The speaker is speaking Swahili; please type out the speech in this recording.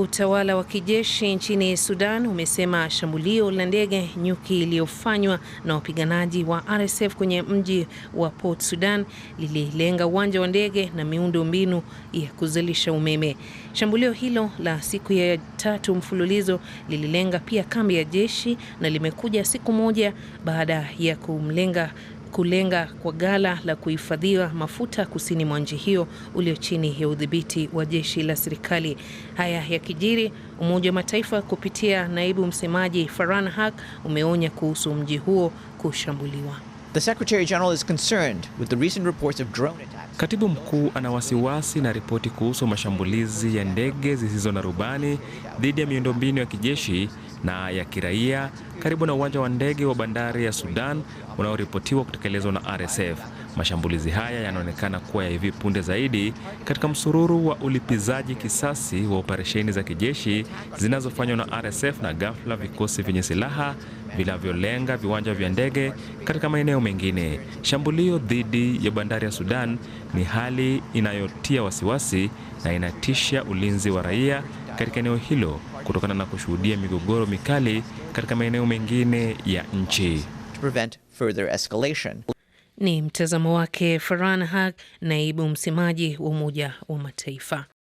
Utawala wa kijeshi nchini Sudan umesema shambulio la ndege nyuki iliyofanywa na wapiganaji wa RSF kwenye mji wa Port Sudan lililenga uwanja wa ndege na miundo mbinu ya kuzalisha umeme. Shambulio hilo la siku ya tatu mfululizo lililenga pia kambi ya jeshi na limekuja siku moja baada ya kumlenga kulenga kwa gala la kuhifadhiwa mafuta kusini mwa nchi hiyo ulio chini ya udhibiti wa jeshi la serikali. Haya yakijiri, Umoja wa Mataifa kupitia naibu msemaji Farhan Haq umeonya kuhusu mji huo kushambuliwa. The Secretary General is concerned with the recent reports of drone attacks. Katibu mkuu ana wasiwasi na ripoti kuhusu mashambulizi ya ndege zisizo na rubani dhidi ya miundombinu ya kijeshi na ya kiraia karibu na uwanja wa ndege wa bandari ya Sudan unaoripotiwa kutekelezwa na RSF. Mashambulizi haya yanaonekana kuwa ya hivi punde zaidi katika msururu wa ulipizaji kisasi wa operesheni za kijeshi zinazofanywa na RSF na ghafla vikosi vyenye silaha vinavyolenga viwanja vya ndege katika maeneo mengine. Shambulio dhidi ya bandari ya Sudan ni hali inayotia wasiwasi na inatisha ulinzi wa raia katika eneo hilo kutokana na kushuhudia migogoro mikali katika maeneo mengine ya nchi. Ni mtazamo wake Farhan Haq, naibu msemaji wa Umoja wa Mataifa.